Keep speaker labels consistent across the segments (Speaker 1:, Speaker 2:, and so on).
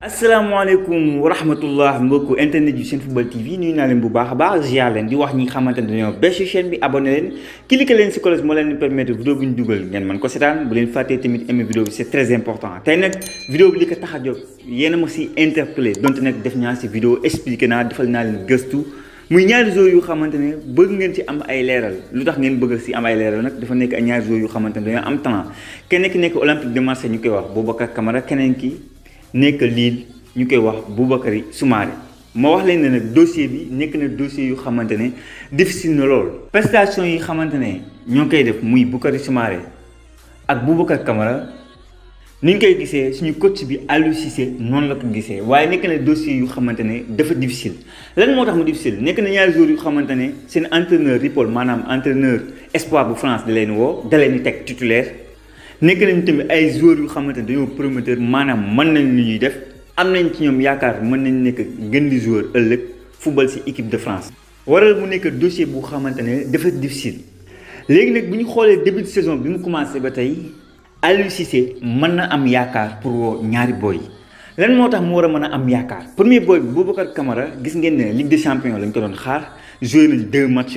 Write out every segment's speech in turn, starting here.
Speaker 1: السلام عليكم ورحمة الله مبكو انترنت جو سين فوتبول تي في نيو نالين بو باخ باخ زيار لين دي واخ ني خامتان دانيو بيشي شين بي ابوني لين كليك لين سي كولاج مو لين بيرميتو فيديو بي ندوغل نين مان كو سيتان بو لين فاتي تيميت امي فيديو سي تري امبورطون تاي نك فيديو بي ليكا تاخا جو يينا ما سي انتربلي دونت نك ديف نيا سي فيديو اكسبليكنا ديفال نال غستو muy ñaari jour yu xamantene bëgg ngeen ci am ay leral lutax ngeen bëgg ci am ay leral nak dafa nekk ñaari jour yu xamantene dañu am temps kenn ki nekk olympique de marseille ñu koy wax bobakar camara keneen ki nek l'île, ñukay wax Boubakary Soumaré ma wax leen ne dossier bi nek na dossier yu xamantene difficile na lool. prestation yi xamantene ne ñoo koy def muy Boubakary Soumaré ak Boubacar Camara ni ngi koy gisee suñu coach bi Aliou Cissé noonu la ko gisee waaye nekk na dossier yu xamantene ne dafa difficile lan moo tax mu difficile nekk na ñaari jours yu xamantene ne seen entraîneur Ripoll maanaam entraîneur espoir bu France da leen woo da leen teg titulaire nekk nañ tamit ay joueurs yu xamante ne dañoo prometteur maanaam mën nañ lu ñuy def am nañ ci ñoom yaakaar mën nañ nekk gën di joueur ëllëg football si équipe de France. waral mu nekk dossier bu xamante ne dafa difficile léegi nag bu ñu xoolee début de saison bi mu commencé ba tey Aliou Cissé mën na am yaakaar pour woo ñaari boy lan moo tax mu war a mën a am yaakaar premier boy bi Boubacar Camara gis ngeen ne Ligue des champions lañ ko doon xaar joué nañ deux matchs.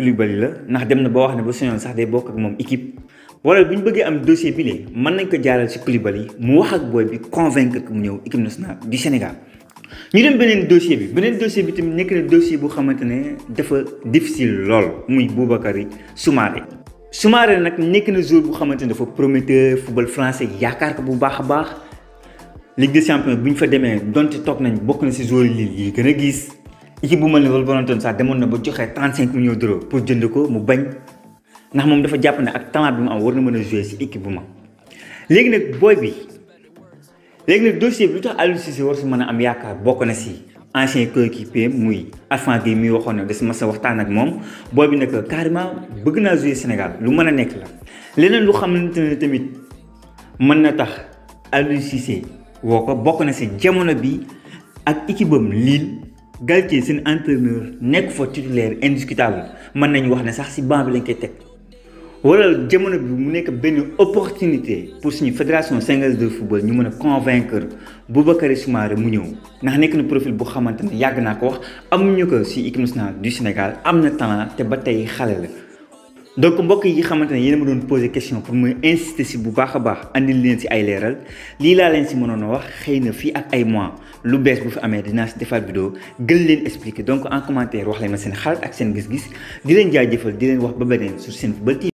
Speaker 1: Koulibaly la ndax dem na boo wax ne ba sañoon sax day bokk ak moom équipe wala bu ñu bëggee am dossier bi lee mën nañ ko jaaral si Koulibaly mu wax ak booy bi convaincre que mu ñëw équipe nationale du Sénégal ñu dem beneen dossier bi beneen dossier bi tamit nekk na dossier bu xamante ne dafa difficile lool muy Boubakary Soumaré Soumaré nag nekk na joueur bu xamante ne dafa prometteur football français yaakaar ko bu baax a baax Ligue des bu ñu fa demee a gis équipe bu mel ni Wolverhampton sax ba joxe 35 millions d'euros pour jënd ko mu bañ ndax moom dafa jàpp ne ak talent bi mu am war na mën a jouer si équipe bu léegi bi dossier bi lu tax Aliou Cissé war si mën a am yaakaar bokk na si ancien coéquipier muy mi waxoon ne ma sa waxtaan ak moom booy bi nag carrément bëgg naa Sénégal lu mën a nekk la leneen lu xamante ne tamit mën na tax Aliou Cissé woo bokk na si bi ak Lille Galtier un entraîneur nek fo titulaire indiscutable man nañu wax ne sax ci banc bi lañ koy tek wala jëmono bi mu nekk benn opportunité pour suñu fédération sénégalaise de football ñu mën a convaincre Boubacar Soumaré mu ñëw ndax nekk na profil bu xamante ne yàgg naa ko wax amuñu ko si équipe nationale du Sénégal am na talent te ba tey xale la. donc mbokk yi xamante ne yéen ma doon posé question pour muy insister bu baax a baax andil leen si ay leeral lii laa leen si mënoon a wax xëy na fii ak ay mois lu bees bu fi amee dinaa si defaat vidéo gën leen expliquer donc en commentaire wax leen ma seen xalaat ak seen gis-gis di leen jaajëfal di leen wax ba beneen sur Senfootball TV